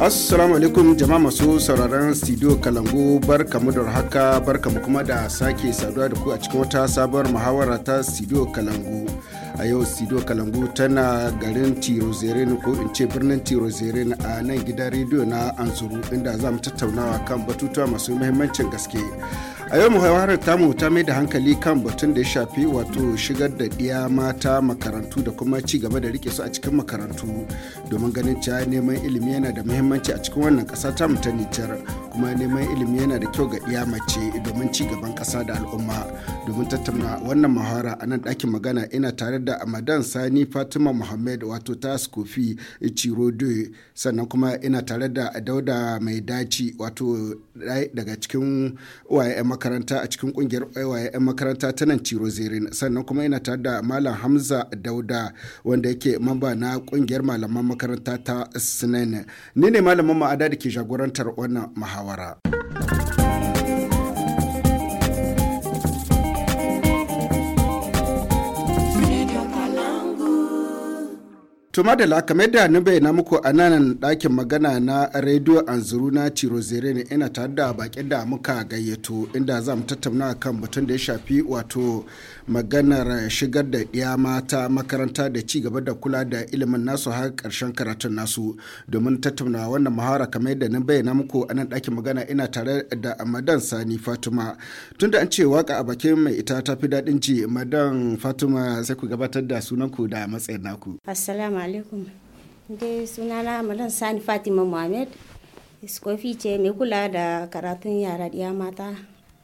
Assalamu alaikum jama'a masu sauraron studio Kalangu barkamu da haka kamu kuma da sake saduwa da ku a cikin wata sabuwar muhawara ta studio Kalangu. A yau studio Kalangu tana garin Tirozerin ko in ce birnin Tirozerin a nan gidan rediyo na ansuru inda za mu tattaunawa kan batutuwa masu muhimmancin gaske. a yau muhawarar tamu ta mai da hankali kan batun da ya shafi wato shigar da ɗiya mata makarantu da kuma ci gaba da rike su a cikin makarantu domin ganin cewa neman ilimi yana da muhimmanci a cikin wannan ƙasa ta ta nijar kuma neman ilimi yana da kyau ga ɗiya mace domin ci gaban ƙasa da al'umma domin tattauna wannan muhawara a nan ɗakin magana ina tare da amadan sani fatima muhammad wato ta kofi cirode sannan kuma ina tare da dauda mai daci wato daga cikin uwaye makaranta a cikin kungiyar yan makaranta ta nan ciro zirin sannan kuma yana tare da malam hamza dauda wanda yake mamba na kungiyar malaman makaranta ta sinan ni ne malamin ma'ada da ke jagorantar wannan muhawara. Tuma da lakamai da na bayyana muku a nan ɗakin magana na rediyo anzuru na Cirozere ne ina tare da bakin da muka gayyato inda za mu tattauna kan batun da ya shafi wato maganar shigar da ɗiya mata makaranta da ci gaba da kula da ilimin nasu har ƙarshen karatun nasu domin tattauna wannan muhawara kamar da na bayyana muku a nan ɗakin magana ina tare da Madan Sani Fatima. Tunda an ce waka a bakin mai ita ta fi daɗin ji Madan Fatima sai ku gabatar da sunanku da matsayin naku. Assalamu alaikum. Dai sunana Madan Sani Fatima Muhammad. Iskofi ce mai kula da karatun yara ɗiya mata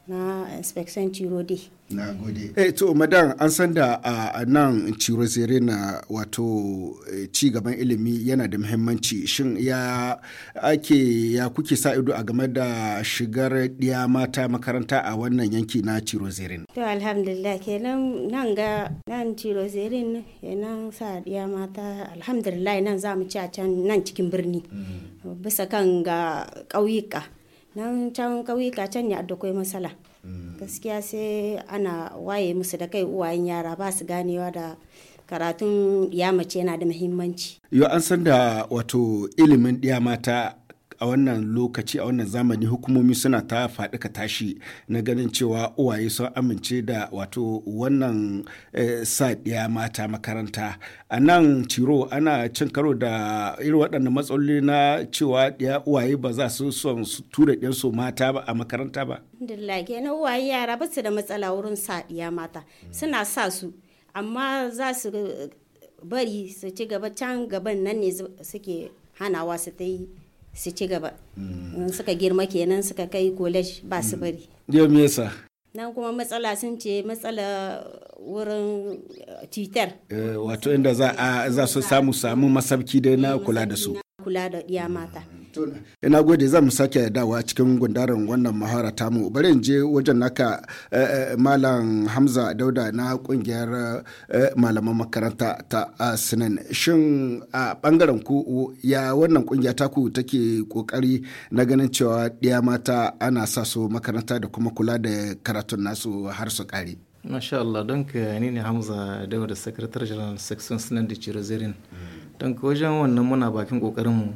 na inspection Cirode. na gode eh to madan an san da a nan zere na wato eh, ci gaban ilimi yana da muhimmanci shin ya ake ya kuke sa ido a game da shigar ɗiya mata makaranta a wannan yanki na zere. to alhamdulillah kenan nan ga nan cirozerin nan sa ɗiya mata alhamdulillah nan za mu ci a can nan cikin birni mm. bisa kan ga ƙauyuka nan can ƙauyuka can ne a matsala gaskiya sai ana waye musu da kai uwayen yara ba su ganewa da karatun ya mace yana da muhimmanci. yau an san da wato ilimin ɗiya mata a wannan lokaci a wannan zamani hukumomi suna ta faɗi ka tashi na ganin cewa uwaye sun amince da wato wannan eh, sa mata makaranta a nan ciro ana cin karo da irin waɗannan matsaloli na cewa ɗiya uwaye ba za su son su tura ɗiyansu mata ba a makaranta ba. kenan uwaye yara ba su da matsala wurin sa ɗiya mata suna sa su amma za su eh, bari su ci gaba can gaban nan ne suke hanawa su ta yi su ci gaba mm. in suka girma kenan suka kai college ba su mm. bari yau me yasa nan kuma matsala sun ce matsala wurin eh, titar eh, wato inda za su samu samu masabki da na eh, kula da su kula da iya mata mm. Ina eh, gode za mu sake dawa cikin gundarin wannan mahara tamu. Bari in je wajen naka eh, eh, Malam Hamza Dauda na kungiyar malaman makaranta ta Asinan. Shin a bangaren ku ya wannan kungiya taku take kokari na ganin cewa ɗiya mata ana sa su makaranta da kuma kula da karatun nasu har su kare Masha Allah, don ka ni ne Hamza Dauda, Sakatare General Section Sinan da cire zirin Don wajen wannan muna bakin kokarinmu.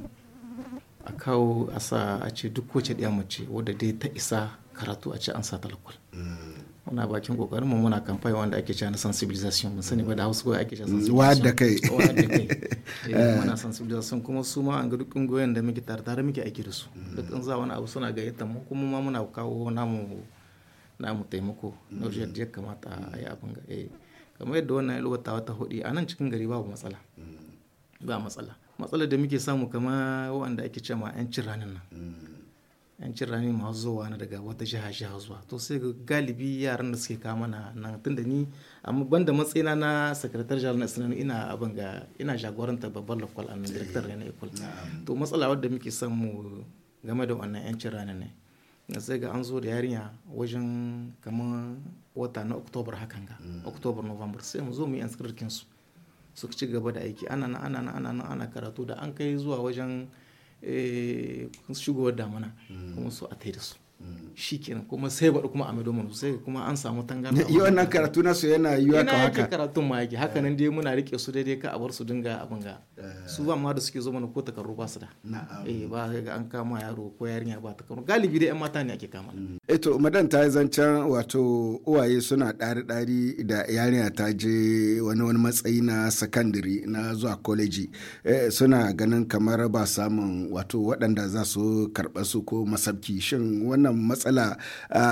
a kawo a sa a ce duk kowace ɗaya mace wadda dai ta isa karatu a ce an sa talakul muna bakin kokarin mu muna kamfani wanda ake cewa na sensibilization mun sani ba da hausa ko ake cewa mm, sensibilization wa da kai eh, eh. muna sensibilization kuma su ma an ga dukkan goyen da muke tare tare muke aiki da su mm. duk in za wani abu suna gayyatar mu kuma ma muna kawo namu namu taimako na wajen da ya kamata a yi abin ga eh kamar yadda wannan ya lubata wata hudi a nan cikin gari babu matsala mm. ba matsala matsalar da muke samu kama wanda ake cewa yancin ranin nan mm. yancin ranin masu zuwa na daga wata jiha jiha zuwa to sai galibi yaran da suke kama na nan tun da ni amma banda matsayina na sakaratar jihar na sanar ina abin ga ina jagoranta babban lokal a eh, director ne na to matsala wadda muke samu game da wannan yancin ranin ne sai ga an zo da yarinya wajen kama wata na oktobar hakan ga mm. oktobar november sai mu zo mu yi an su suka ci gaba da aiki ana ana ana ana karatu da an kai zuwa wajen eh, shigowar damana hmm. kuma su a tai da su shi kenan kuma sai baɗi kuma a maido sai kuma an samu tangarda yi wannan karatu na su yana yi ka haka karatun ma yake haka eh. nan dai muna rike su daidai ka a bar su dinga abin ga eh. su ba ma da suke zo mana ko takarru ba su da eh ba ga an kama yaro ko yarinya ba takarru galibi dai yan mata ne ake kama mm. eh to madan ta yi zancen wato uwaye suna ɗari ɗari da yarinya ta je wani wani matsayi na secondary na zuwa koleji eh, suna ganin kamar ba samun wato waɗanda za su karɓa su ko masabki shin wannan wannan matsala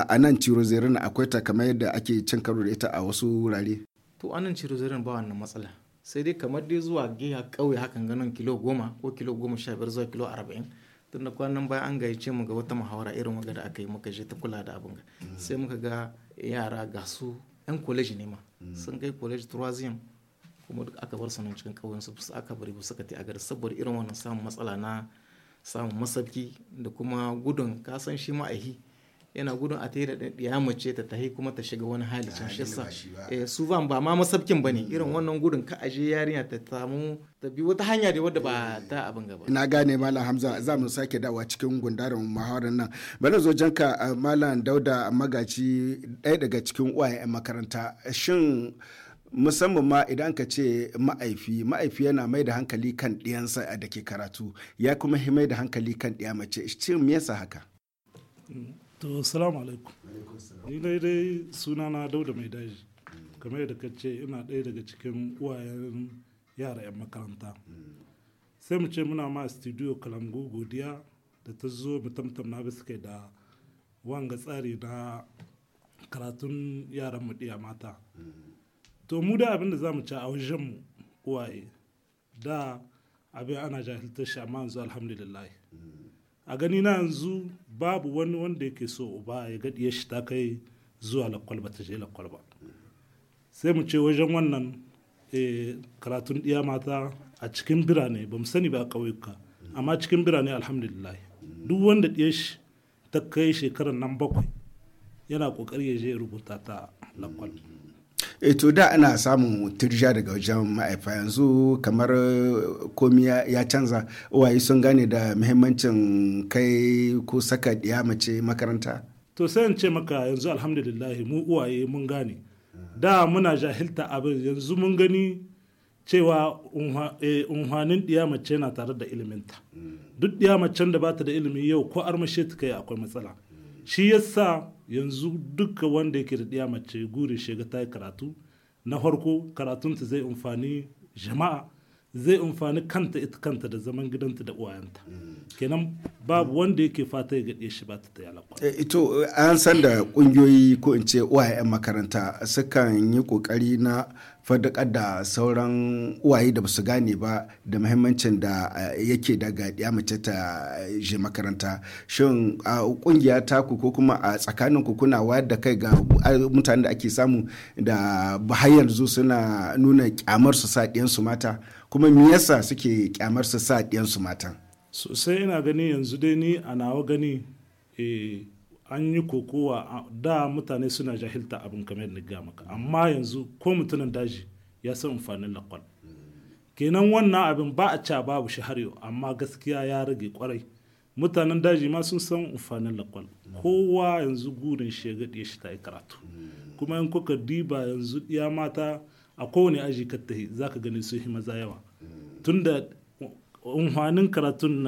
a nan cirozerin akwai ta kamar yadda ake cin karo da ita a wasu wurare to nan cirozerin ba wannan matsala sai dai kamar dai zuwa giya ƙauye hakan ganin kilo goma ko kilo goma sha biyar zuwa kilo arba'in tun da kwanan baya an ce mu ga wata muhawara irin wanda da aka yi muka je ta kula da abin sai muka ga yara ga su yan kwaleji ne ma sun kai kwaleji turaziyam kuma duk aka bar sanin cikin ƙauyen su aka bari ba suka a gari saboda irin wannan samun matsala na samun masabki da kuma gudun kasan shi ma'ahi yana gudun a ta yi da ya mace ta tahi kuma ta shiga wani hali can ah, shi sa eh, su ban ba ma masabkin ba ne hmm. irin wannan gudun ka aje yarinya ta samu ta bi wata hanya da wadda ba eh. ta abin gaba na gane malam hamza za mu sake dawa cikin gundarin muhawarar nan bari zo janka eh, malam dauda magaci ɗaya daga cikin uwaye makaranta shin musamman ma idan ka ce ma'aifi ma'aifi yana mai da hankali kan ɗiyansa da ke karatu ya kuma mai da hankali kan ɗiya mace ce me yasa haka to salamu alaikum ni dai dai suna na dauda mai daji kamar yadda ka ce ina ɗaya daga cikin uwayen yara 'yan makaranta sai mu ce muna ma studio kalangu godiya da ta zo mu tamtamna bisa da wanga tsari na karatun yaran mu ɗiya mata to mu da abin da za mu ci a wajen mu waye da abin ana jahiltar shi amma yanzu alhamdulillah a gani na yanzu babu wani wanda yake so uba ya gaɗiya shi ta kai zuwa lakwal ba ta je lakwal ba sai mu ce wajen wannan eh, karatun ɗiya mata a cikin birane ba mu sani ba a ƙauyuka amma cikin birane alhamdulillah duk wanda ɗiya shi ta kai shekarar nan bakwai yana ƙoƙari ya je rubuta ta lakwal e to da ana samun turja daga wajen ma'aifa yanzu kamar eh, komi ya canza uwaye sun gane da muhimmancin kai ko saka ɗiya mace makaranta to sai in ce maka yanzu alhamdulillahi mu uwaye mun gane da muna jahilta abin yanzu mun gani cewa eh, unhwanin ɗiya mace na tare da iliminta mm. duk ɗiya mace da bata da ilimi yau ko armashe ta kai akwai matsala mm. shi yasa yanzu duka wanda yake da ɗiya mace gure shiga ta yi karatu na farko karatunta zai amfani jama'a zai amfani kanta ita kanta da zaman gidanta da uwayenta kenan babu wanda yake fata ya gaɗe shi ba ta ta yalakwa ito eh, eh, an san da ƙungiyoyi ko in ce uwayen makaranta sukan yi ƙoƙari na fadakar da sauran uwaye da basu gane ba da muhimmancin da eh, yake daga ya mace ta eh, je makaranta shin a kungiya ku ko kuma a tsakanin ku kuna wayar da kai ga mutanen da ake samu da har zu suna nuna kyamar su sa su mata kuma me yasa suke kyamar su sa su mata sosai ina gani yanzu dai ni a nawa gani eh an yi kokowa da mutane suna jahilta abin kamar yadda ga maka amma yanzu ko mutumin daji ya san amfanin lakwal kenan wannan abin ba a ca babu shi har yau amma gaskiya ya rage kwarai mutanen daji ma sun san amfanin lakwal kowa yanzu gurin shi ya shi ta yi karatu kuma in kuka diba yanzu ya mata a kowane aji tahi za ka gani su yi maza yawa tunda amfanin karatun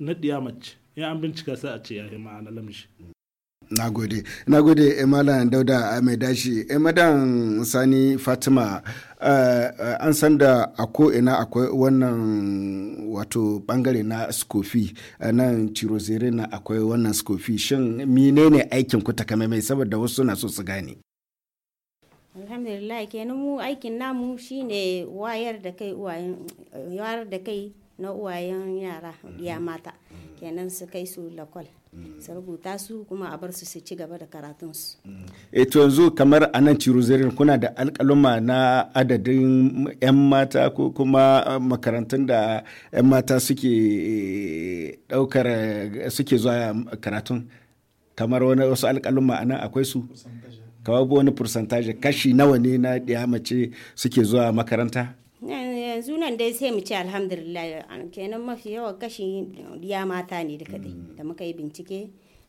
na ɗiya mace in an bincika sai a ce ya yi ma'ana lamshi na gode na eh, dauda eh, mai dashi emadan eh, sani fatima an san da a ko'ina akwai wannan wato bangare na skofi nan cirozere na akwai wannan skofi shin menene aikin ku mai saboda wasu na so su gane alhamdulillah kenan mu aikin namu shine wayar da kai wayar da kai na uwayen yara ya mata mm-hmm. kenan su kai su lakwal Mm. su rubuta su kuma a bar su su ci gaba da su. Mm. E eh, to yanzu kamar a nan ciruzerin kuna da alkaluma na adadin 'yan mata ko kuma eh, makarantun da 'yan mata suke daukar eh, suke zuwa karatun kamar wani wasu alkaluma a nan akwai su? Kawai wani fursantaje kashi nawa ne na ɗaya mace suke zuwa makaranta? yanzu nan dai sai mu ce alhamdulillah kenan mafi yawan kashi diya mata ne duka dai mm. da muka yi bincike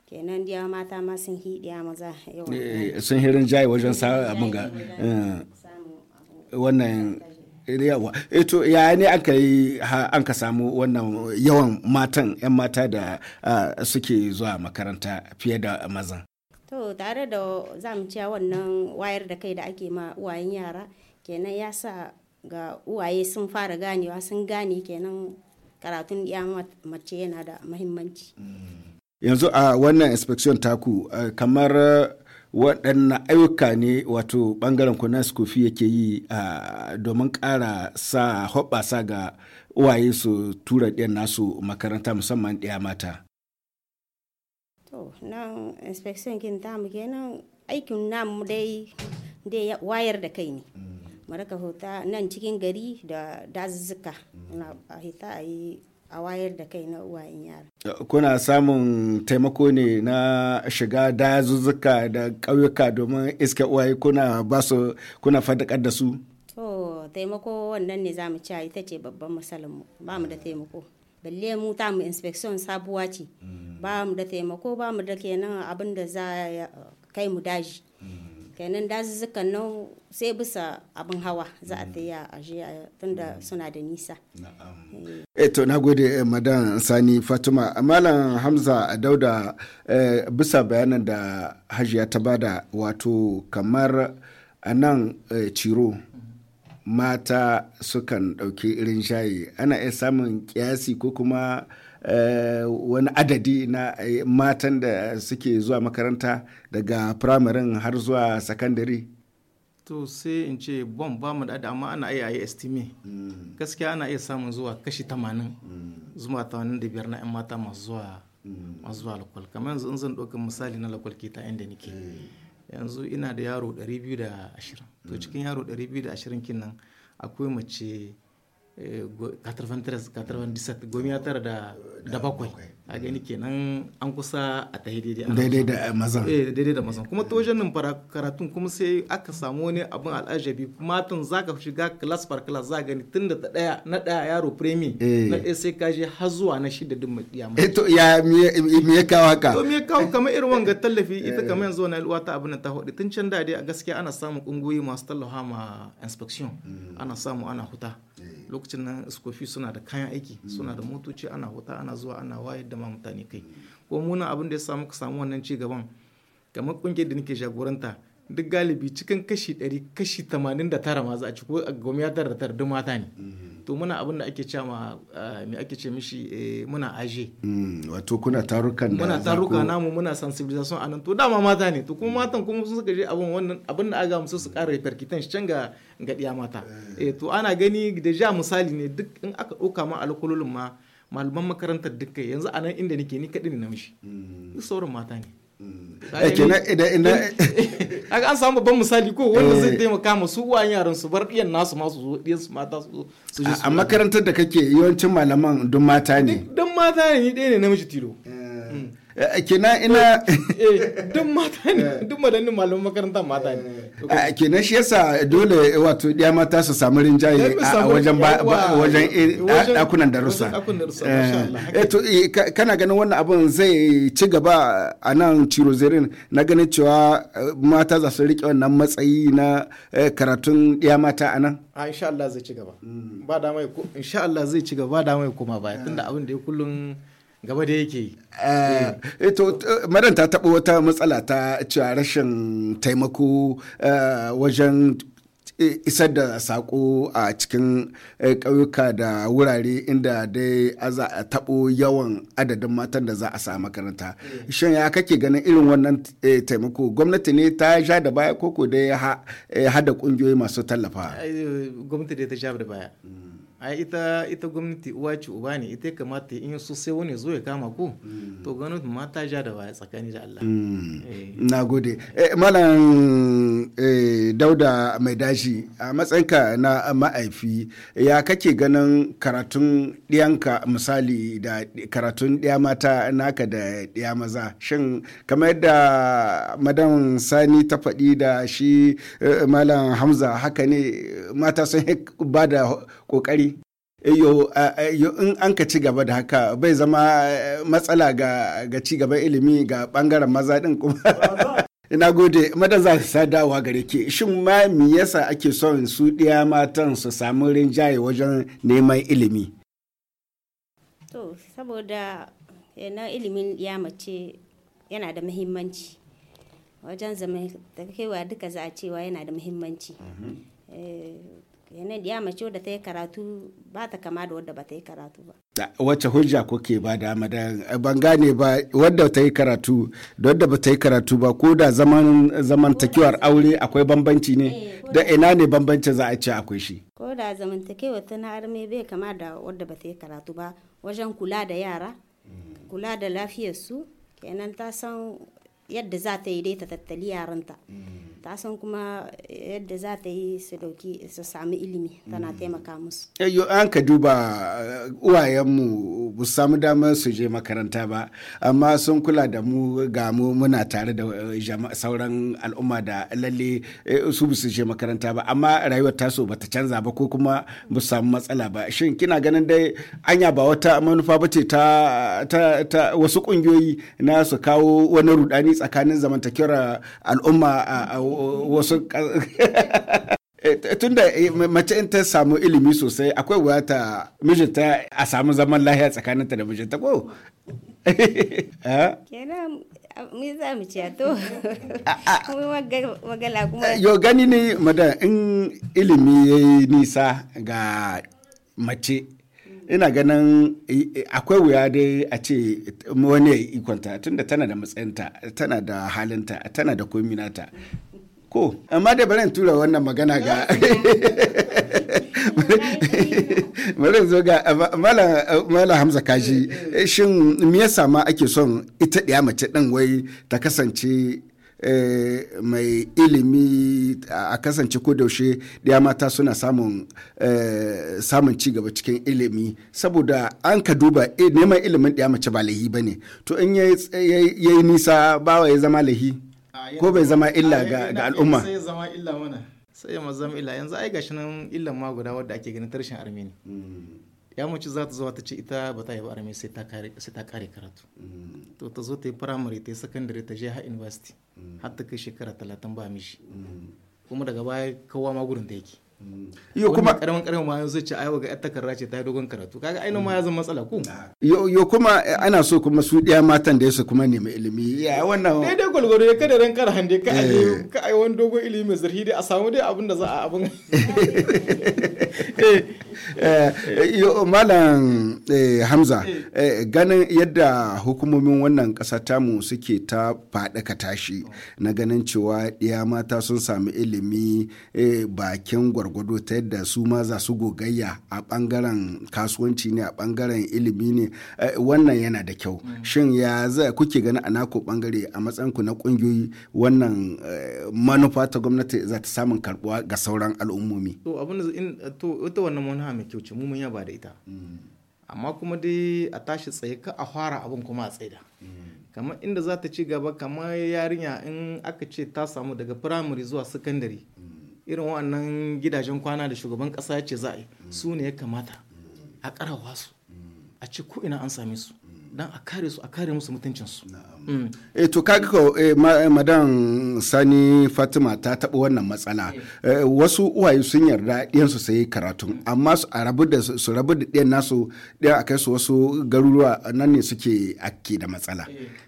kenan diya mata ma sun hi diya maza yawan eh, eh, sun hirin jayi wajen abin ga eh. wannan yawa eto ya ne aka yi an ka samu wannan yawan matan yan mata da ah, suke zuwa makaranta fiye da maza to tare da zamu cewa wannan wayar da kai da ake ma uwayen yara kenan ya sa ga uwaye sun fara ganewa sun gane kenan karatun ya mace yana da mahimmanci yanzu a wannan inspection taku eh, kamar eh, waɗannan ayyuka ne wato ɓangaren ku na yake yi domin ƙara sa hoɓasa ga uwaye su tura ɗiyan nasu makaranta musamman ɗiya mata to nan inspection kin tamu kenan aikin namu dai wayar da kai ne mm. maraka hota nan cikin gari da dazuzzuka na hita a yi a wayar da kai na uwayen yara. Kuna samun taimako ne na shiga dazuzzuka da ƙauyuka domin iska uwaye kuna ba su kuna fadakar da su? To taimako wannan ne za mu ci ita ce babban mu ba mu da taimako. Balle mu ta mu inspection sabuwa ce mm. ba mu da taimako ba mu da kenan abin da za kai mu daji. Mm. kenan dazuzzukan nan sai bisa abin hawa za a mm. taya a je tunda mm. suna da nisa Eto eh. eh, na gode eh, madan sani fatima malam hamza dauda bisa bayanan da hajiya ta bada wato kamar a nan ciro mata sukan ɗauki irin shayi ana iya samun kiyasi ko kuma Eh, wani adadi na eh, matan da suke zuwa makaranta daga firamarin har zuwa sakandare to sai in ce bom ba mu da amma ana iya yi estime mm. gaskiya ana iya samun zuwa kashi 80 mm. da 85 na 'yan mata masu zuwa mm. masu zuwa lakwal kamar yanzu in zan ɗauka misali na lakwal ke ta inda nake eh. yanzu ina da yaro 220 to cikin yaro 220 kinan akwai mace 93-97 gomiya tara da bakwai a gani kenan an kusa a ta daidai daidai da eh, mazan eh, daidai da mazan kuma ta wajen nan karatun kuma sai aka samu wani abin al'ajabi matan ka shiga class par class za gani tun da daya na daya yaro premi eh. na ɗaya sai ka je har zuwa na shida din mai ya to ya me ya kawo ka to me ya kawo irin wanga tallafi ita kamar yanzu na alwa ta abin ta hudu tun can da dai a gaskiya ana samun kungiyoyi masu tallafa ma inspection mm. ana samu ana huta lokacin nan iskofi suna da kayan aiki hmm. suna da motoci ana wuta ana zuwa ana wayar da ma mutane kai ko muna abin da ya samu ka samu wannan ci gaban kamar kungiyar da nake jagoranta duk galibi cikin kashi 100 kashi 89 ma za a ci ko gomi ya tara tara duk mata ne mm-hmm. to muna abin da ake cewa ah, me ake ce mishi eh, muna aje mm, wato kuna tarukan da muna taruka namu muna sensibilization a nan to dama mata ne to kuma matan kuma sun suka je abin wannan abin da aga musu su ƙara perkitan shi can ga ga mata eh. eh to ana gani da ja misali ne duk in aka ɗauka ma alkulolin ma malaman makarantar dukkan yanzu a nan inda nake ni kadin namiji mm. duk sauran mata ne mm. eh, kenan idan kaga an samu babban misali ko wanda zai eh. taimaka ma su uwayen yaran su bar ɗiyan nasu ma su zo ɗiyan su mata su su a makarantar da kake yawancin malaman don mata ne don mata ne ni ɗaya ne namiji tilo eh. mm. Eh, kenan ina eh, duk mata ne eh. duk madannin malaman makaranta mata ne kenan shi yasa dole wato ɗiya mata su samu rinjaye a wajen ɗakunan da rusa eto kana ganin wannan abin zai ci gaba a nan cirozerin na ganin cewa mata za su riƙe wannan matsayi na karatun ɗiya mata a nan a insha Allah zai ci gaba mm. ba da mai insha Allah zai ci gaba da mai koma baya tunda abin da ya kullum gaba da yake eto eh, eh, madan ta taɓa wata matsala ta cewa rashin taimako eh, wajen isar da sako a cikin ƙauyuka da wurare inda dai za a taɓo yawan adadin matan da za a sa makaranta shin ya kake ganin irin wannan taimako gwamnati ne ta sha da baya koko dai hada ƙungiyoyi masu tallafa gwamnati ne ta sha da baya hmm. ai ita ita gwamnati uwa ce uba ne ita kamata in so sai wani zo ya kama ku mm. to gwamnati ma ta ja da baya tsakani da Allah mm. eh. na gode eh, malam eh, dauda mai dashi a matsayinka na ma'aifi ya kake ganin karatun ɗiyanka misali da karatun ɗiya mata naka da ɗiya maza shin kamar yadda madan sani ta faɗi da shi malam hamza haka ne mata sun ba da kokari eyo in an ka ci gaba da haka bai zama eh, matsala ga ga ci gaban ilimi ga bangaren maza din kuma ina gode madan za sa gare ke shin ma mi yasa ake son su ɗiya matan su samu rinjaye wajen neman ilimi to saboda eh, na ilimin ya mace yana da muhimmanci wajen zama zamantakewa duka za a cewa yana da muhimmanci mm-hmm. eh, yanayin ya mace wadda ta yi karatu ba ta kama da wadda ba ta yi karatu ba wacce hujja kuke ba da da eh, ban gane ba wadda ta yi karatu da wadda ba ta yi karatu ba ko da zaman zamantakewar aure akwai bambanci ne eh, da ina ne bambanci za a ce akwai shi ko da zamantakewar ta na arme bai kama da wadda ba ta yi karatu ba wajen kula da yara kula da lafiyarsu kenan ta san yadda za ta yi dai ta tattali yaranta mm. ta san kuma yadda za ta yi su dauki su sami ilimi tana hmm. taimaka musu Ayyo eh, an ka duba uh, uwayenmu bu samu damar su je makaranta ba amma sun kula da mu ga mu muna tare da uh, sauran al'umma da lalle eh, su bu su je makaranta ba amma rayuwar taso bata canza ba ko kuma bu samu matsala ba shin kina ganin dai anya ba wata manufa ba ce ta, ta wasu kungiyoyi na su kawo wani rudani tsakanin zamantakewar uh, al'umma a wasu eh, tun da eh, mace in ta samu ilimi sosai akwai wuya ta mijinta a samu zaman lahiya tsakaninta da mijinta ko yau eh? gani ne madan in ilimi ya yi nisa ga mace ina ganin akwai wuya dai a ce wani ya ikonta tunda tana da matsayinta tana da halinta tana da kominata ko amma da barin tura wannan magana ga zo ga eh, mala eh, hamza kaji eh, shin me yasa ma ake son ita ɗaya mace ɗin wai ta kasance mai ilimi a kasance kodaushe da mata suna samun samun gaba cikin ilimi saboda an ka duba neman ilimin ɗaya mace ba lahi ba ne to in ya yi nisa bawa ya zama lahi ko bai zama illa ga al'umma sai zama illa ya zama illa yanzu ai gashi nan illan ma guda wadda ake ganin tarshen armeni mm. ya mace za ta zo ta ce ita ba ta yi ba armeni sai ta kare karatu mm. to ta zo ta yi firamare ta yi sakandare ta je ha university mm. har ta kai shekara talatin ba mishi kuma daga baya kowa ma gurin da yake Iyo kuma karamin karamin ma yanzu ce aiwa ga yar takarda ce ta yi dogon karatu kaga ainihin ma ya zama matsala ko ah. yo kuma eh, ana so kuma su ɗaya matan da su kuma nemi ilimi ya wannan ne dai gwalgwaro ya kada ran karan dai ka aje eh. ka ai wani dogon ilimi mai zurfi dai a samu dai abin da za a abin eh. Eh, malam eh, hamza eh. ganin yadda hukumomin wannan kasa tamu suke ta ka tashi na ganin cewa ɗiya mata sun sami ilimi bakin gwargwado ta yadda su ma za su gogayya a ɓangaren kasuwanci ne a ɓangaren ilimi ne wannan yana da kyau mm. shin ya za kuke gani a nako ɓangare a matsanku na ƙungiyoyi wannan manufa ta gwamnati za ta samun karɓuwa ga sauran al'ummomi to abin da to ita wannan manufa mai kyau mu mun yaba da ita mm. amma kuma dai a tashi tsaye ka a fara abin kuma a tsaida mm. kamar inda za ta ci gaba kamar yarinya in aka ce ta samu daga firamare zuwa sakandare mm. irin wa'annan gidajen kwana da shugaban kasa ya ce za yi su ne ya kamata a karawa su a ce ko ina an same su dan a kare su a kare musu mutuncinsu. E to kaga ko eh, eh, madan Sani Fatima ta taɓa wannan matsala wasu uwaye sun yarda ɗin su sai karatu amma su rabu da su rabu da ɗiyan nasu ɗiyan a kai su wasu garuruwa nan ne suke ake da matsala.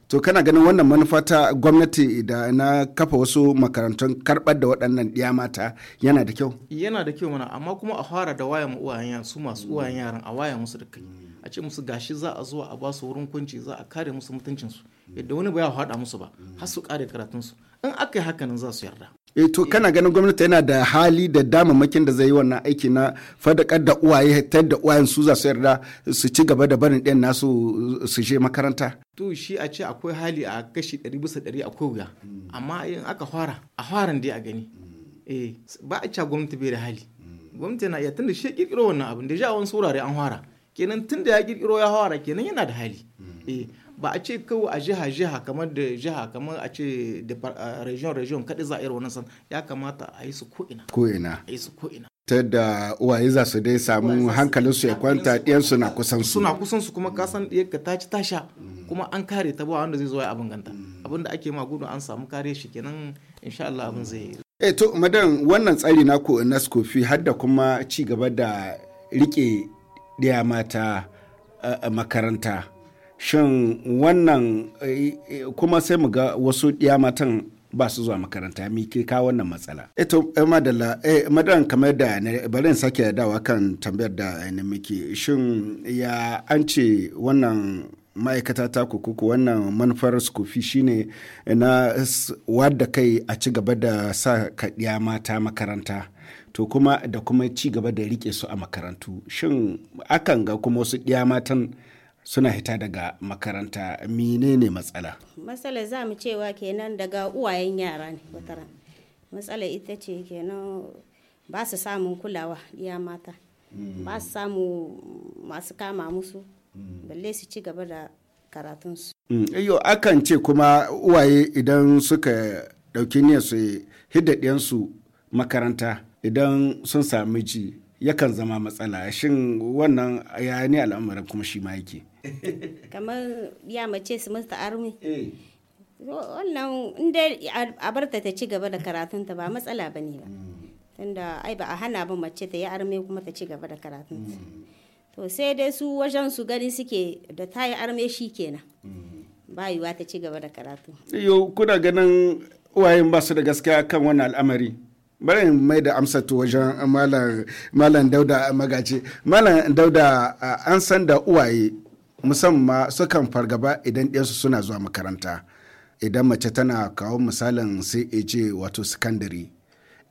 To kana ganin wannan manufa ta gwamnati da na kafa wasu makarantun karɓar da waɗannan ɗiya mata yana da kyau? Yana da kyau mana amma kuma a fara da wayan ma uwayen su masu uwayen yaran a wayan musu da kai. Mm. a ce musu gashi za a zo a ba su wurin kunci za a kare musu mutuncinsu yadda wani ba ya haɗa musu ba har su kare karatunsu in aka yi hakanan za su yarda e to kana ganin gwamnati yana da hali da damamakin da zai yi wannan aiki na fadakar da uwaye ta da uwayen su za su yarda su ci gaba da barin ɗan nasu su je makaranta to shi a ce akwai hali a kashi ɗari bisa ɗari akwai wuya amma in aka fara a faran dai a gani e ba a ca gwamnati bai da hali gwamnati na iya tunda shi kirkiro wannan abin da ja a wani wurare an fara kenan tun da ya kirkiro ya hawara kenan yana da hali mm. eh, ba a ce kawai a jiha jiha kamar da jiha kamar a ce da region region kadai za a irin wannan ya kamata a yi su ko ina ko ina a yi su ko ina ta da uwaye za su dai samu hankalin su ya kwanta ɗiyansu na kusan su suna kusan su kuma san ɗiyar ka ci tasha mm. kuma an kare ta ba wanda zai zo ya abin ganta mm. abin da ake gudu an samu kare shi kenan insha Allah abin zai eh to madan wannan tsari na ko na skofi har da kuma ci gaba da rike ɗaya mata makaranta shin wannan e, e, kuma sai mu ga wasu ɗiya matan ba su zuwa makaranta mi ke kawo wannan matsala. Eto eh eh, madalla eh madan kamar da bari in sake dawa kan tambayar da ne miki shin ya an ce wannan ma'aikata ta kuku wannan manufar shi shine na wadda kai a ci gaba da sa kaɗiya mata makaranta to kuma da kuma ci gaba da rike su a makarantu shin akan ga kuma wasu ɗiya matan suna hita daga makaranta menene matsala matsala za mu cewa kenan daga uwayen yara ne wataran matsala ita ce kenan ba su samun kulawa ɗiya mata hmm. ba su samu masu kama musu hmm. balle su ci gaba da karatunsu iyo hmm. akan ce kuma uwaye idan suka ɗauki niyyar su hidda makaranta idan sun sami ci yakan zama matsala shin wannan ya ne al'amarin kuma shi ma yake kamar ya mace su mista armi eh. wannan inda a barta ta ci gaba da karatunta ba matsala ba ne ba mm. tunda ai ba a hana ba mace ta yi arme kuma ta ci gaba da karatunta mm. to sai dai su wajen su gani suke da ta yi arme shi kenan mm. ba yiwa ta ci gaba da karatu yau kuna ganin uwayen ba su da gaskiya kan wannan al'amari bari mai da amsatu wajen malam dauda magace malam dauda an san da uwaye musamman sukan fargaba idan ɗansu suna zuwa makaranta idan mace tana kawo misalin sai wato sakandare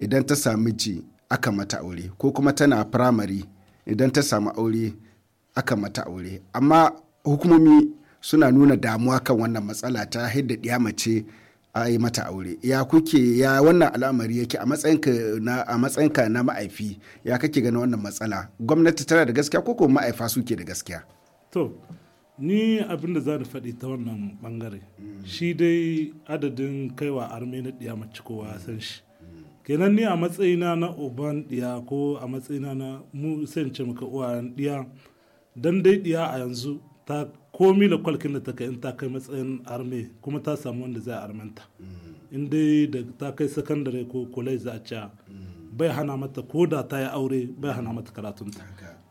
idan ta sami ji aka mata aure ko kuma tana firamare idan ta sami aure aka mata aure amma hukumomi suna nuna damuwa kan wannan matsala ta hidda ɗiya mace a yi mata aure ya kuke ya wannan al'amari yake a matsayinka na a matsayinka na ma'aifi ya kake gani wannan matsala gwamnati tana da gaskiya ko kuma ma'aifa suke da gaskiya to ni abinda za da faɗi ta wannan bangare shi dai adadin kaiwa arme na ɗiya mace kowa ya san shi kenan ni a matsayina na oban ɗiya ko a matsayina na mu sai ce muka uwayen ɗiya dan dai ɗiya a yanzu ta ko da kwalkin da ta kai in ta kai matsayin arme kuma ta samu wanda zai armanta mm. in dai da ta kai sakandare ko kolej za a ci mm. bai hana mata ko da ta yi aure bai hana mata karatunta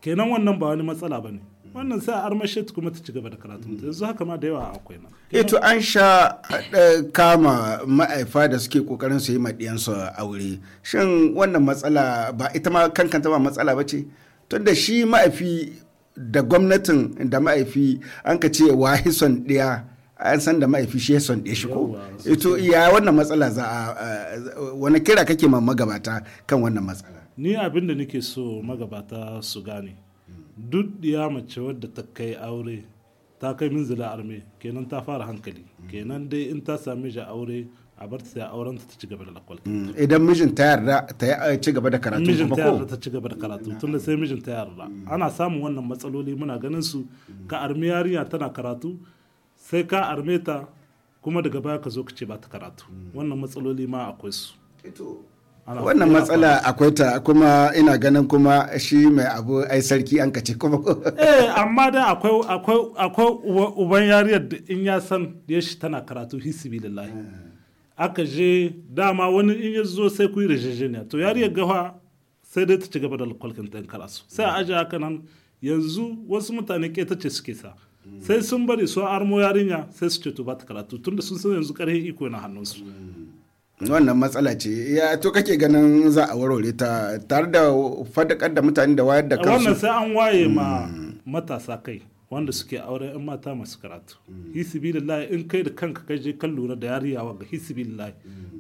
kenan wannan ba wani matsala ba ne mm. wannan sai a armashe kuma ta ci gaba da karatunta yanzu haka ma da yawa akwai nan eto eh an sha eh, kama ma'aifa da suke kokarin su yi maɗiyansu aure shin wannan matsala ba ita ma kankanta ba matsala ba ce tunda shi ma'aifi da gwamnatin da ma'aifi an ka ce wa hison ɗaya an san da ma'aifi shi hison ɗaya shi ko ito eh, ya wannan matsala za a wani kira kake ma magabata kan wannan matsala ni abin da nake so magabata su gane duk ya mace wadda ta kai aure ta kai min zila arme kenan ta fara hankali mm. kenan dai in ta same shi aure a bar ta auren ta ci gaba da lakwalta mm. idan mijin ta eh, yarda ta ci gaba da karatu mijin mm. ta yarda ta ci gaba da karatu tunda sai mijin ta yarda mm. ana samun wannan matsaloli muna ganin su ka armi yarinya tana karatu sai ka arme ta kuma daga baya ka zo ka ce ba ta karatu wannan matsaloli ma akwai su eh, wannan matsala akwai ta kuma ina ganin kuma shi mai abu ai sarki an kace kuma eh amma da akwai akwai akwai uban yariyar in ya san ya shi tana karatu hisbi lillahi aka je dama wani in ya zo sai ku yi rajajeniya to ya gawa sai dai ta ci gaba da kwalkin ɗan karasu sai a aji haka nan yanzu wasu mutane keta ce suke sa sai sun bari su armo yarinya sai su ce to ba ta karatu tunda sun san yanzu karhe iko na hannunsu wannan matsala ce ya to kake ganin za a warware ta tare da fadakar da mutane da wayar da kansu wannan sai an waye ma hmm. matasa kai wanda suke aure yan mata masu karatu hisibilillahi in kai da kanka kai je kan lura da yariya ga hisibilillahi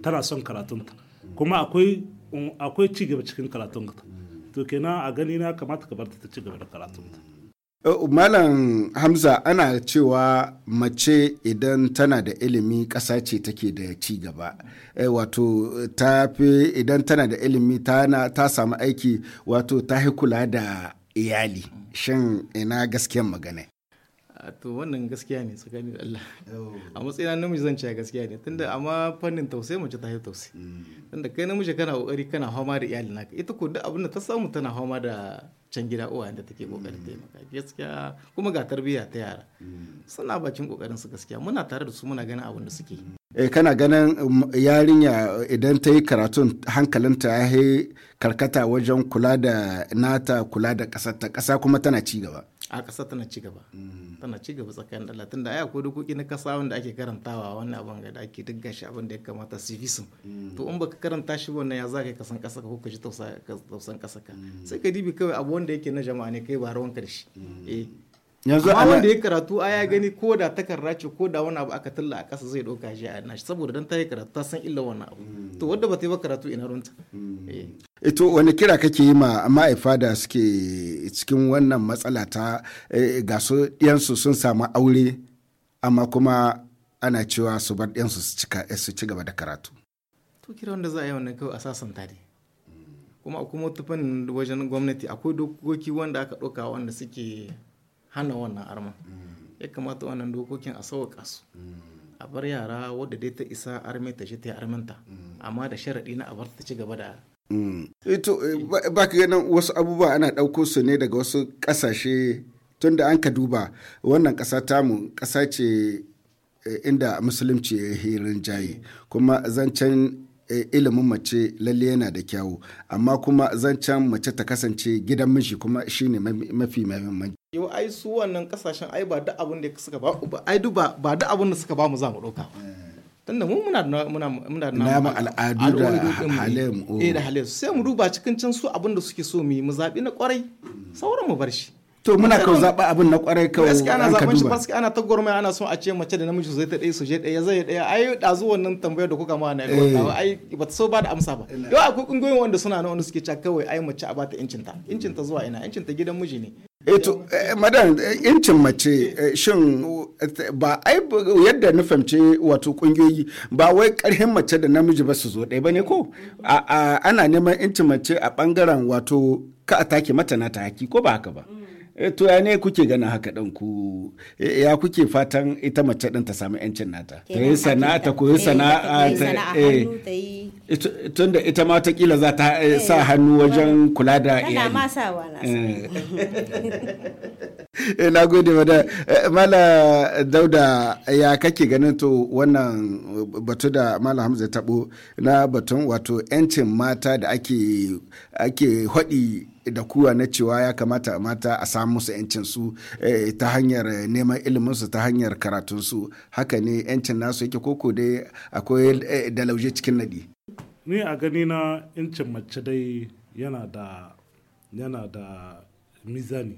tana son karatunta kuma akwai um, akwai ci gaba cikin karatunta to kenan a gani na kamata ka barta ta ci gaba da karatunta eh, Malam Hamza ana cewa mace idan tana da ilimi ƙasa ce take da ci gaba. Eh, wato eh, ta fi idan tana da ilimi ta samu aiki wato ta kula da iyali shin ina gaskiyan magana to wannan gaskiya ne tsakanin Allah oh. a matsayina namiji zan ce gaskiya ne tunda mm. amma fannin tausayi mace ta yi tausayi mm. tunda kai namiji kana kokari kana hama da na naka ita ko duk abin da ta samu tana hama da can gida uwa inda take kokari mm. taimaka gaskiya kuma ga tarbiyya ta yara suna bakin kokarin su gaskiya muna tare da su muna ganin abin da suke yi. Eh, kana ganin um, yarinya idan ta yi karatun hankalinta ya karkata wajen kula da nata kula da ƙasar ta ƙasa kuma tana ci gaba a ƙasa tana ci gaba tana ci gaba tsakanin dala tunda ai akwai kuɗi na ƙasa wanda ake karantawa wannan abin ga da ake duk shi abin da ya kamata civism to in baka karanta shi wannan ya zaka kasan ƙasa ka ko ka ji tausan ƙasa ka sai ka dibi kawai abu wanda yake na jama'a ne kai ba rawanka da shi eh yanzu ana wanda ya karatu a ya gani ko da takarda ce ko da wani abu aka tilla a ƙasa zai ɗauka shi a nashi saboda dan ta yi karatu ta san illa wani abu hmm. to wadda ba ta yi ba karatu ina runta ito hmm. eh. eh, wani kira kake yi ma ma'aifa da suke cikin wannan matsala ta eh, ga su ɗiyansu sun samu aure amma kuma ana cewa su bar ɗiyansu su ci gaba da karatu to kira wanda za a yi wannan kawai a sasanta ne kuma a kuma wajen gwamnati akwai dokoki wanda aka ɗauka wanda suke hana wannan arma ya kamata wannan dokokin a sauƙa su a bar yara wadda dai ta isa arme ta shi ta yi arminta amma da sharaɗi na a ta ci gaba da eh, to eh, ba ka ganin wasu abubuwa ana ɗauko su ne daga wasu ƙasashe tun da an ka duba wannan ƙasa tamu ƙasa ce eh, inda musulunci ya hirin jaye kuma zancen E, ilimin mace lalle yana da kyawu amma kuma zancen mace ta kasance gidan miji kuma shine mafi mahimmanci yau ai su wannan kasashen ai ba da abin da suka ba ai duk ba da abin da suka ba mu za mu dauka tunda mu muna da muna muna da namu al'adu da halayen eh da halayen sai mu duba cikin can su abin da suke so mu yi mu zabi na kwarai sauran mu bar shi to muna kan zaɓa abin na kwarai ka gaskiya ana zaɓen shi gaskiya ana ta gwarmaya ana son a ce mace da namiji zai ta ɗaya su je ɗaya zai ɗaya ai ɗazu nan tambayar da kuka ma na gwarta eh. ai ba ta so ba da amsa ba yau akwai ƙungiyoyin wanda suna na wanda suke cewa kawai ai mace a bata incinta incinta zuwa ina incinta gidan miji ne eh to eh, madam incin mace shin ba ai yadda na fahimci wato ƙungiyoyi ba wai ƙarhin mace da namiji ba su zo ɗaya ba ne ko ana neman incin mace a bangaren wato ka a take mata na ta haƙi ko ba haka ba. Eh, to ya ne kuke ganin haka ɗan ku eh, ya kuke fatan ita mace ɗin ta samu yancin nata ta yi sana'a ta koyi sana'a eh. ta tunda ita ma ta kila za ta sa hannu wajen kula da iyali ma sawa na na gode mada mala dauda ya kake ganin to wannan batu da mala hamza tabo na batun wato yancin mata da ake ake haɗi da kuwa na cewa ya kamata mata a samu musu yancin su eh, ta hanyar eh, neman ilimin su ta hanyar karatun su haka ne yancin nasu yake koko dai akwai eh, lauje cikin nadi ni a gani na yancin mace dai yana da yana da mizani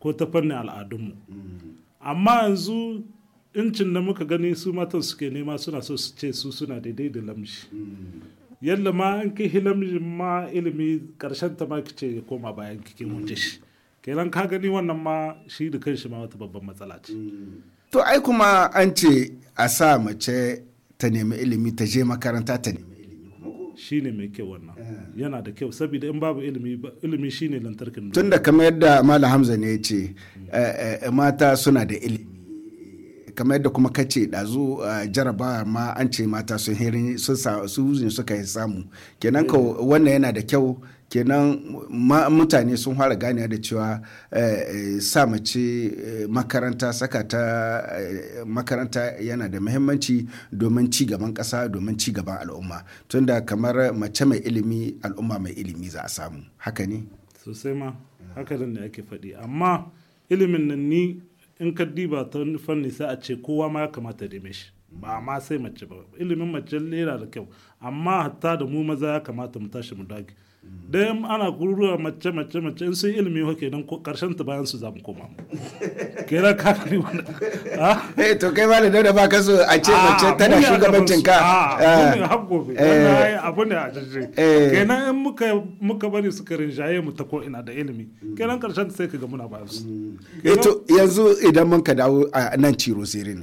ko ta fannin al'adunmu mm. amma yanzu yancin da muka gani su matan suke nema suna so su ce su suna daidai da lamshi mm. yadda ma in ki hilamjin ma ilimi karshen ta ma kice ya koma bayan kike wuce shi kenan ka gani wannan ma shi da kanshi ma wata babban matsala ce to ai kuma an ce a sa mace ta nemi ilimi ta je makaranta ta nemi shi ne mai kyau wannan eh. yana da kyau saboda in babu ilimi ilimi shi ne lantarkin tunda da kamar yadda malam hamza ne ya ce eh, eh, mata suna da ilimi kamar yadda kuma kace ɗazu jarabawa ma an ce mata sun hirin su suka yi samu kenan ka mm. wannan yana da kyau kenan mutane sun fara gane da cewa sa mace makaranta saka ta makaranta yana da muhimmanci domin ci gaban ƙasa domin ci gaban al'umma tunda kamar mace mai ilimi al'umma mai ilimi za a samu haka ne sosai ma haka da ake faɗi amma ilimin nan ni in ka diba ta fanni sai a ce kowa ma ya kamata da shi ba ma sai mace ba ilimin mace yana da kyau amma hatta da mu maza ya kamata mu tashi mu dage dan ana kururuwa mace mace mace sai ilimi hoke dan karshen ta bayan su zamu koma kera ka kari wani. eh to kai malam da ba ka so a ce ah, mace tana shugabancin ka a ne a da kenan ah, eh. eh. eh. in muka muka bari karin rinjaye mu ta ko ina da ilimi kenan karshen sai ka ga muna bayan su mm. eh to yanzu idan mun ka dawo a nan ciro sirin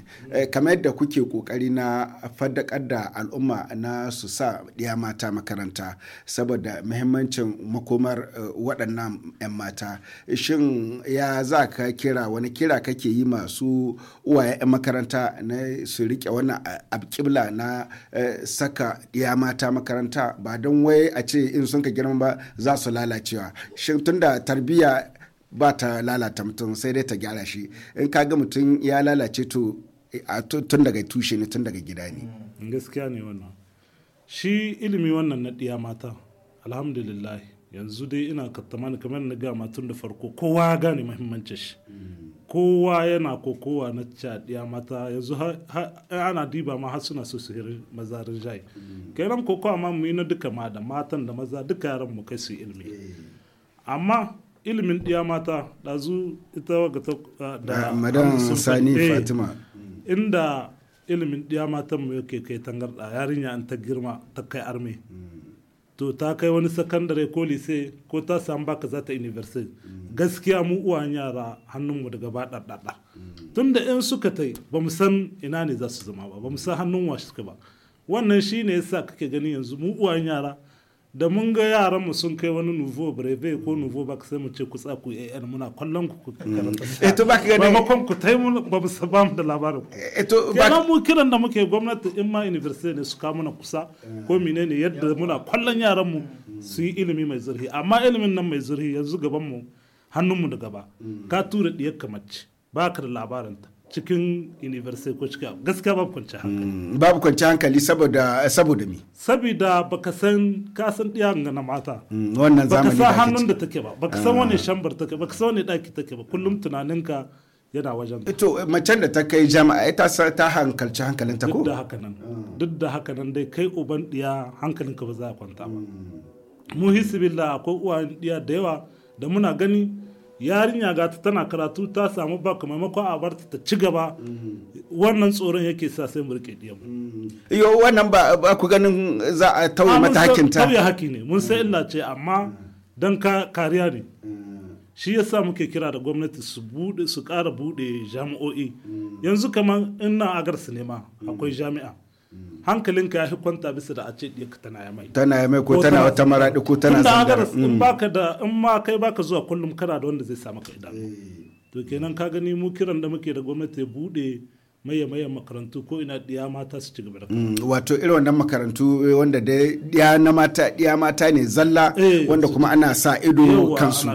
kamar yadda kuke kokari na faddakar da al'umma na su sa diya mata makaranta saboda muhimmanci muhimmancin makomar eh, waɗannan 'yan mata shin ya za ka kira wani kira kake yi masu uwaye 'yan makaranta na su riƙe wannan eh, abkibla na eh, saka ya mata makaranta ba don wai a ce in sun ka girma ba za su lalacewa shin tunda tarbiyya ba ta lalata mutum sai dai ta gyara shi in ka ga mutum ya lalace to tun daga tushe ne tun daga gida ne mm, gaskiya ne wannan shi ilimi wannan na ɗiya mata alhamdulillah yanzu dai ina kattamani kamar na gama tun da farko kowa ya gane mahimmancin shi kowa yana ko kowa na cadiya mata yanzu ana diba ma har suna so su hiri maza rinjaye ko kowa ma mu yi na duka ma da matan da maza duka yaran mu kai su ilimi amma ilimin diya mata ɗazu ita waga ta da madan sani eh, fatima inda ilimin diya matan mu yake kai tangarda yarinya an ta girma ta kai arme to ta kai wani sakandare ko lise ko ta samu baka za ta university gaskiya mu uwan yara hannunmu daga ba daddada tun da in suka ta ba mu san ina ne za su zama ba ba mu san hannun wa suka ba wannan shine yasa kake gani yanzu mu uwan yara da mun ga yaran mu sun kai wani nuvo breve ko nuvo ba sai mu ce ku tsaku ku muna kallon ku ku hmm. karanta eh to ku tai ba da eh, kiran da muke gwamnati in ma university ne su ka muna kusa hmm. ko mine ne yadda muna kallon yaran mu su yi ilimi mai zurfi amma ilimin nan mai zurfi yanzu gaban mu hannun mu da gaba hmm. ka tura diyar kamace ba ka da labarin ta cikin university ko cikin gaskiya babu kwanci hankali. Hmm, babu kwanci hankali saboda eh, saboda mi. saboda baka san ka san diyan ga na mata. Hmm, wannan zamani baka san hannun da take ba baka san wani ah. shambar take baka san wani daki take ba kullum tunaninka yana wajen. to eh, macen da ta kai ita ta ta hankalci hankalin ta ko. duk da haka nan ah. duk da haka nan dai kai uban diya hankalinka ba za a kwanta ba. Hmm. mu hisbillah akwai uwa diya da yawa da muna gani yarinya ga ta tana karatu ta samu bak maimakon a barta ta ci gaba wannan tsoron yake sa sai mu rike diyan yo wannan ba ku ganin za a tauye mata hakin ta tauye haki ne mun sai illa ce amma mm. dan ka kariya ne mm. shi yasa muke kira da gwamnati su bude su kara bude jami'o'i mm. yanzu kamar ina agar sinema akwai jami'a hankalinka ya fi kwanta bisa da a ce ɗiyarka tana ya mai tana ya mai ko tana wata maraɗi ko tana zangara. in mm. baka da in ma kai baka zuwa kullum kana da wanda zai sa maka idanu eh. to kenan ka gani mu kiran da muke da gwamnati ya buɗe maye maye makarantu ko ina ɗiya mata su ci gaba da mm, wato irin wannan makarantu eh, wanda da ɗiya na mata ɗiya mata ne zalla eh, wanda kuma ana sa ido kansu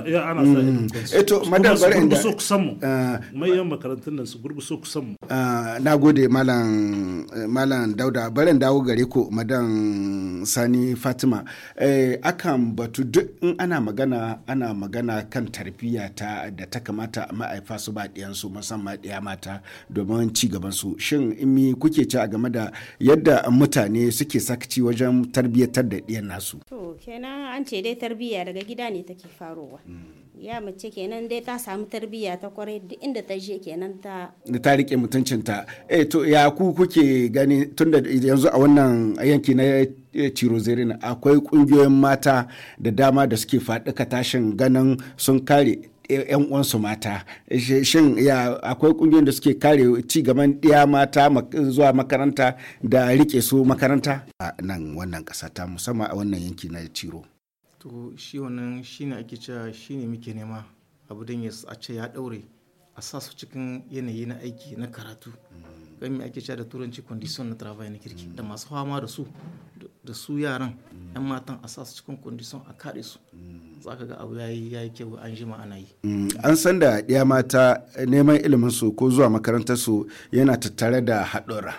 eto madan bare inda su kusan mu ah. maye makarantun nan su su kusan mu ah, na gode malam eh, malam dauda bare dawo gare ku madan sani fatima akan batu duk in ana magana ana magana kan tarbiyya ta da ta kamata ma'aifa su ba ɗiyansu musamman ɗiya mata domin ci gabansu shin in mi kuke ci a game da yadda mutane suke sakaci wajen tarbiyyatar da ɗiyan nasu to kenan an ce dai tarbiyya daga gida ne take farowa hmm. ya mace kenan dai ta samu tarbiyya ta kware duk inda ta je kenan ta da ta rike mutuncinta eh to ya ku kuke gani tunda yanzu a wannan yanki na eh, ciro cirozerina akwai kungiyoyin mata da dama da suke faɗi tashin ganin sun kare 'yan uwansu mata shin ya akwai kungiyoyin da suke kare ci gaban ɗiya mata zuwa makaranta da rike su makaranta a nan wannan ƙasa ta musamman a wannan yanki na ciro to shi wannan shi ne ake cewa ne muke nema abu don ya ce ya ɗaure a sa su cikin yanayi na aiki na karatu mm. kai me ake cewa da turanci condition na travail na kirki da masu fama da su da su yaran yan matan a sa su cikin condition a kare su za ka ga abu ya yi kyau an jima ana yi mm, an san da ɗaya mata neman ilimin su ko zuwa makarantar su yana tattare da haɗura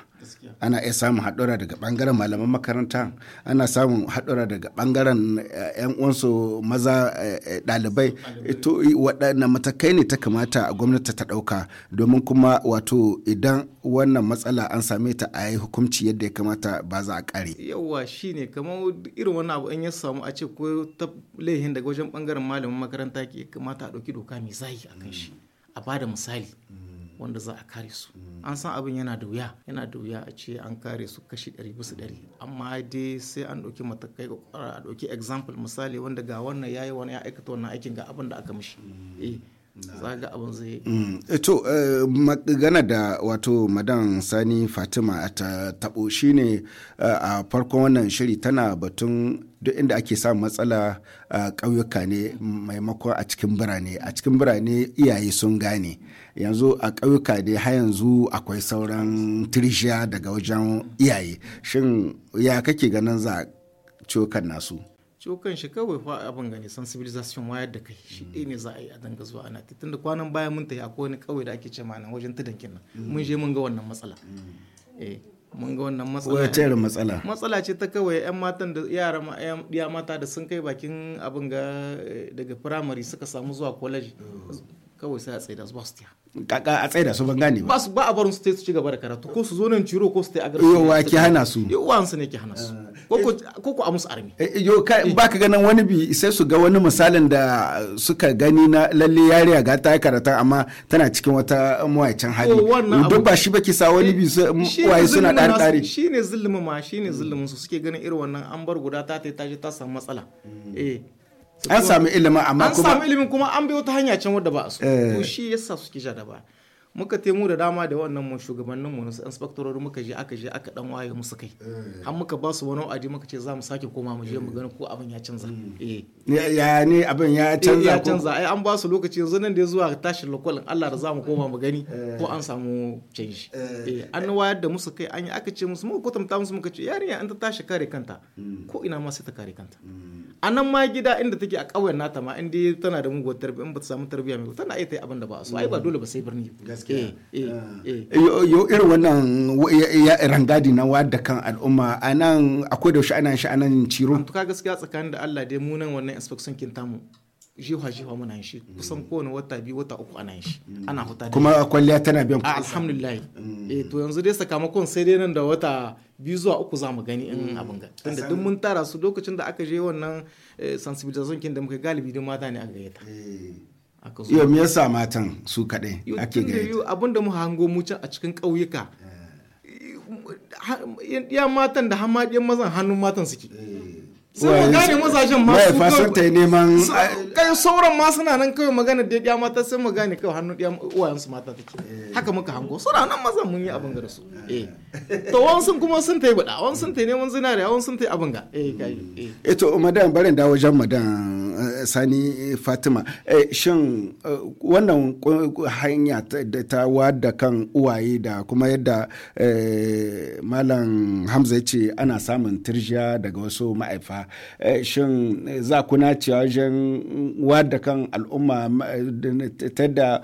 ana iya samun haɗura daga ɓangaren malaman makaranta ana samun haɗura daga ɓangaren 'yan eh, uwansu maza eh, eh, ɗalibai ito waɗanda matakai ne ta kamata gwamnati ta ɗauka domin kuma wato idan wannan matsala an same ta a yi hukunci yadda ya kamata ba za a ƙare yawwa shi ne kamar irin wannan abu in ya samu a ce ko ta laihin daga wajen ɓangaren malamin makaranta ke kamata a ɗauki doka mai zai a kan shi mm. a bada misali mm. wanda za a kare su an san abin yana da wuya yana da wuya a ce an kare su kashi ɗari bisa ɗari amma dai sai an ɗauki matakai a ɗauki example misali wanda ga wannan yayi wani ya aikata wannan aikin ga abin da aka mishi eh zaga abin zai mm. eh, to eh, magana da wato madan sani fatima ta tabo ne eh, a farkon wannan shiri tana batun duk inda ake samun matsala a ƙauyuka ne maimakon a cikin birane a cikin birane iyaye sun gane yanzu a ƙauyuka ne har yanzu akwai sauran tirishiya daga wajen iyaye shin ya kake ganin za a cokan nasu ciwo kan shi kawai fa abin gani sensibilization wayar da kai shi ɗaya ne za a yi a danga zuwa ana ta da kwanan bayan mun tafi akwai wani kawai da ake ce nan wajen tudankin nan mun je mun ga wannan matsala eh mun ga wannan matsala wace irin matsala matsala ce ta kawai yan matan da yara ya mata da sun kai bakin abin ga eh, daga primary suka samu zuwa college kawai sai a da su ba su tiya kaka a da su ban gane ba ba a barin su su ci gaba da karatu ko su zo nan ciro ko su tai agarci yawa ki hana su yawa su ne ki hana su ko ko a musu armi eh, eh, yo ba ka ganin wani bi sai su ga wani misalin da suka gani na lalle yariya ga ta karatu amma tana cikin wata mawayacin hali oh, duk ba shi ki sa wani bi eh, waye suna ɗari ɗari shine zulumi ma shine zulumin su suke ganin irin wannan an bar guda ta ta ta samu matsala mm. eh an sami ilimin amma kuma an sami ilimin kuma an bi wata hanya can wadda ba a so eh. to shi yasa suke ja da ba muka taimu da dama da wannan mun shugabannin mu su inspectorori muka je aka je aka dan waye musu kai eh. har muka ba su wani wa'adi muka ce za mu sake koma mu je mu gani ko abin ya canza hmm. eh ya ne abin ya eh, canza ya canza ai an ba su lokaci yanzu nan da zuwa tashin lokalin Allah da za mu koma mu gani ko an samu canji eh an wayar da musu kai an yi aka ce musu mu kwatanta musu muka ce yarinya an ta tashi kare kanta hmm. ko ina ma sai ta kare kanta hmm. a nan ma gida inda take a ƙauyen nata ma inda tana da muguwar tarbiyya in ba ta samu tarbiyya mai tana iya ta yi abin da ba so ai ba dole ba sai birni gaskiya eh, eh, ah. eh. yo irin wannan rangadi na da kan al'umma a nan akwai da shi ana shi a nan ciro to ka gaskiya tsakanin da Allah dai mu nan wannan inspection kin tamu jiwa jiwa muna shi kusan mm. kowane wata biyu wata uku ana shi mm. ana huta kuma kwalliya tana biyan kuɗi alhamdulillahi mm. eh to yanzu dai sakamakon sai dai nan da wata biyu zuwa uku za mu gani in abin ga tunda duk mun tara su lokacin da aka je wannan eh, sensibilization kin da muka galibi duk mata ne gare ta eh. yo me yasa matan su kadai ake gare ta da mu hango mu a cikin ƙauyuka eh. yan matan da hamadiyan mazan hannun matan suke sai mu gane mazajen ma su ta neman kai sauran ma suna nan kawai magana da ya mata sai mu gane kawai hannu ya uwayen su mata take eh. haka muka hango suna nan maza mun yi abin ga su eh, eh. to wani sun kuma sun ta yi bada wan sun ta yi neman zinariya wani sun ta yi abin ga eh kai eh, eh to madan barin dawo jan madan Eh, sani eh, fatima eh, shin wannan hanya da ta wada kan uwaye da kuma yadda malam hamza ya ce ana samun tirjiya daga wasu ma'aifa shin za ku cewa wajen wada kan al'umma ta da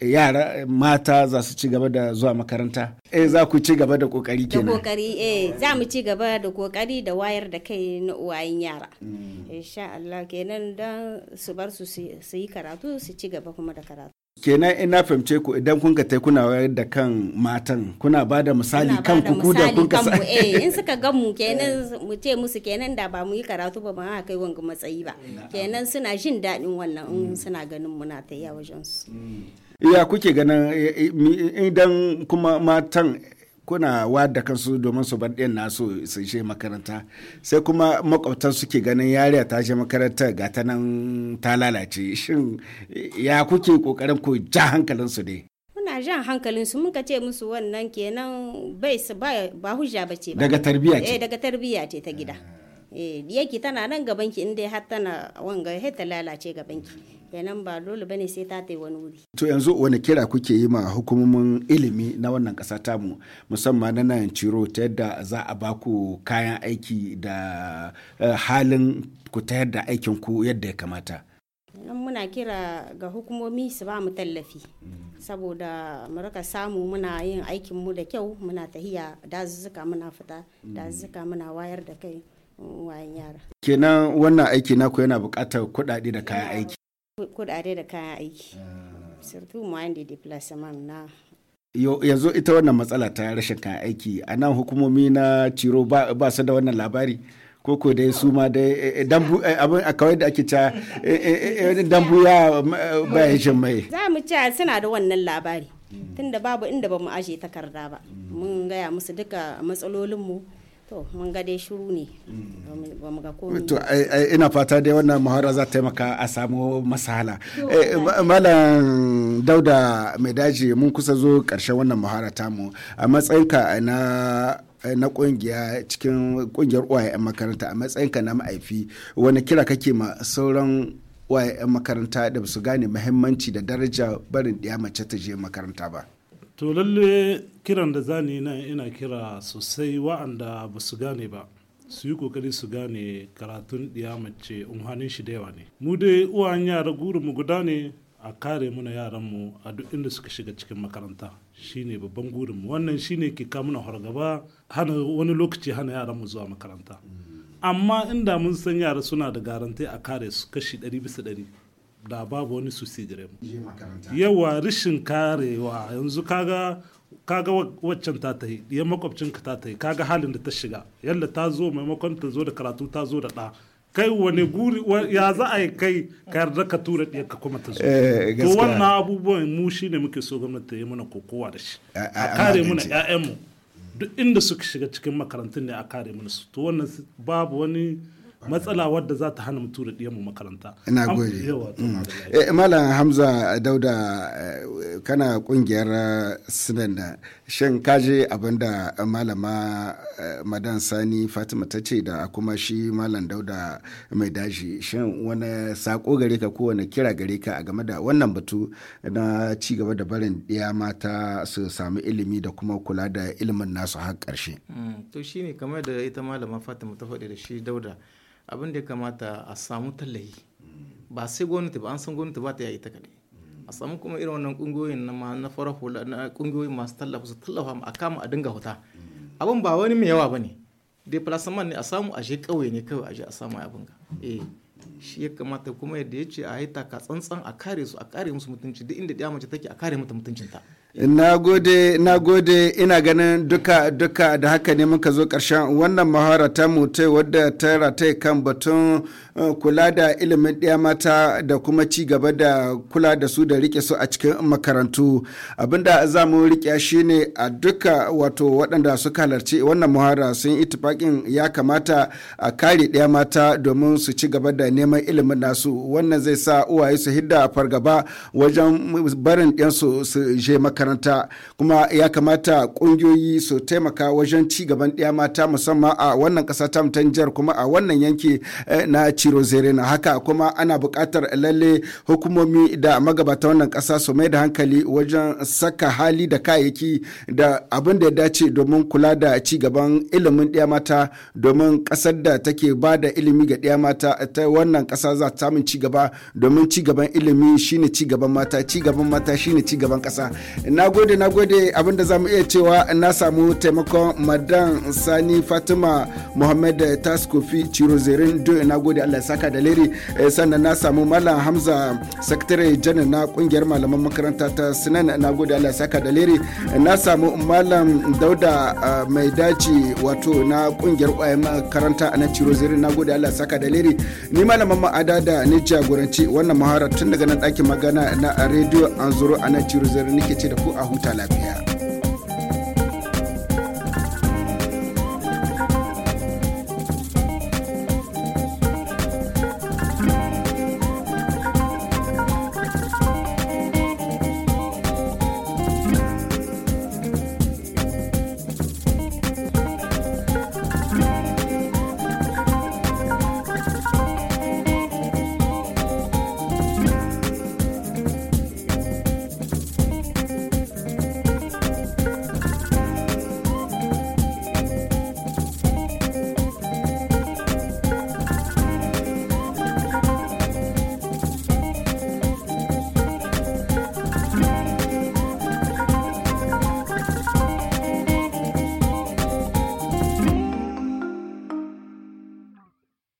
yara eh, mata za su ci gaba da zuwa makaranta eh za ku ci gaba da kokari kenan da kokari eh za mu ci gaba da kokari da wayar da kai na uwayen yara mm. insha Allah kenan dan su bar su su yi karatu su ci gaba kuma da karatu kenan ina fahimce ku idan kun ka tai kuna wayar da kan matan kuna ba da misali kan ku ku da kun ka sa eh in suka ga mu kenan eh. mu ce musu kenan da ba mu yi karatu ba ba ma kai wanga matsayi ba kenan suna jin daɗin wannan in mm. suna ganin muna ta wajen su mm. Iya kuke ganin eh, eh, idan kuma matan kuna wada kansu domin su bar ɗin nasu su je makaranta sai kuma makwabtan suke ganin yariya ta je makaranta ga ta nan ta lalace shin eh, ya kuke kokarin ku ja hankalin su ne muna jan hankalin su muka ce musu wannan kenan bai su ba hujja bace ba daga tarbiyya ce daga tarbiyya ce ta gida ah. eh yake tana nan gaban ki inda har tana wanga har ta lalace gaban ki kenan ba dole bane sai ta tai wani wuri to yanzu wani kira kuke yi ma hukumomin ilimi na wannan kasa tamu musamman na nan ciro ta yadda za a ba ku kayan aiki da eh, halin ku ta yadda aikin ku yadda ya kamata nan muna kira ga hukumomi su ba mu tallafi mm. saboda mu rika samu muna yin aikin mu da kyau muna tahiya dazuzzuka muna fita mm. dazuzzuka muna wayar da kai wayan yara kenan wannan aiki naku yana buƙatar kuɗaɗe da kayan aiki kuɗaɗe da kayan aiki surtout moyen de déplacement na yanzu ita wannan matsala ta rashin kayan aiki a nan hukumomi na ciro ba su da wannan labari ko dai su ma dai eh, eh, dambu eh, abin a kawai da ake ca dambu ya bayan mai za mu ce suna da wannan labari tunda babu inda ba mu aje takarda ba mun gaya musu duka matsalolinmu to mun gade shuru ne mm. ina fata dai wannan za taimaka a samu masala eh, malam dauda mai daji mun kusa zo karshen wannan muhara tamu a matsayinka na na kungiya cikin kungiyar uwaye makaranta a matsayinka na ma'aifi wani kira kake ma sauran waye makaranta da su gane muhimmanci da daraja barin ɗaya mace ta je makaranta ba. To lalle kiran da zani na ina kira sosai wa'anda ba su gane ba su yi kokari su gane karatun mace unhanin shi da yawa ne mu dai uwan yara guri mu guda ne a kare muna mu a duk inda suka shiga cikin makaranta shine babban gurinmu wannan shine ke muna hargaba hana wani lokaci hana yaran mu zuwa makaranta amma inda mun san yara suna da garantai a kare su kashi ɗari bisa ɗari da babu wani su gare mu yawa rishin karewa yanzu kaga kaga waccan ta ta yi, makwabcin makwabcinka ta ta ka kaga halin da ta shiga yadda ta zo maimakon ta zo da karatu ta zo da ɗa kai wani guri ya za a yi kai ka yarda ka tura ka kuma ta zo eh, to wannan abubuwan mu shi ne muke so gwamnati ta yi mana kokowa da shi a kare mana ƴaƴanmu duk inda suka shiga cikin makarantun ne a kare mana su to wannan babu wani matsala wadda za ta hana mutu da mu makaranta ina gode mm. eh, malam hamza dauda eh, kana kungiyar eh, sinan da shin kaje abinda malama madan sani fatima ta ce da kuma shi malam dauda mai daji shin wani sako gare ka ko wani kira gare ka a game da wannan batu na ci gaba da barin ɗiya mata su sami ilimi da kuma kula da ilimin nasu har ƙarshe mm, to shine kamar da ita malama fatima ta faɗi da shi dauda abin da ya kamata a samu tallahi ba sai gwamnati ba an san gwamnati ba ta yayi ta kaɗai a samu kuma irin wannan kungiyoyin na na fara hula na kungiyoyin masu tallafa su tallafa a kama a dinga huta abin ba wani mai yawa bane dai plasman ne a samu a je kauye ne kawai a je a samu abin ga eh shi ya kamata kuma yadda ya ce a yi ka tsantsan a kare su a kare musu mutunci duk inda ɗaya mace take a kare mata mutuncinta Na gode, na gode ina ganin duka duka da haka ne muka zo ƙarshen wannan mahara ta mutu wadda ta rataye kan batun uh, kula da ilimin ɗaya mata da kuma ci gaba da kula da su da rike su a cikin makarantu. Abinda za mu rike shi ne a duka wato waɗanda suka halarci wannan mahara sun yi tufaƙin ya kamata a kare ɗaya mata domin su ci gaba da neman ilimin nasu wannan zai sa uwaye su hidda fargaba wajen barin ɗansu su je makaranta. makaranta kuma ya kamata kungiyoyi su taimaka wajen ci gaban ɗaya mata musamman a wannan ƙasa ta jihar kuma a wannan yanki eh, na cirozere na haka kuma ana buƙatar lalle hukumomi da magabata wannan ƙasa su mai da hankali wajen saka hali da kayayyaki da abin da ya dace domin kula da ci gaban ilimin ɗaya mata domin ƙasar da take ba da ilimi ga ɗaya mata ta wannan ƙasa za ta samun ci gaba domin ci gaban ilimi shine ci gaban mata ci gaban mata shine ci gaban ƙasa na gode na gode abinda za mu iya cewa na samu taimakon madan sani fatima muhammad taskofi cirozerin do na gode allah saka da leri eh, sannan na samu malam hamza sakitare janar na kungiyar malaman makaranta ta sinan na gode allah saka da leri eh, na samu malam dauda eh, mai daji wato na kungiyar kwayan makaranta na cirozerin na gode allah saka da leri ni malaman ma'ada da ni jagoranci wannan mahara tun daga nan ɗakin magana na rediyo anzuru a na cirozerin nake ce da ku a huta lafiya.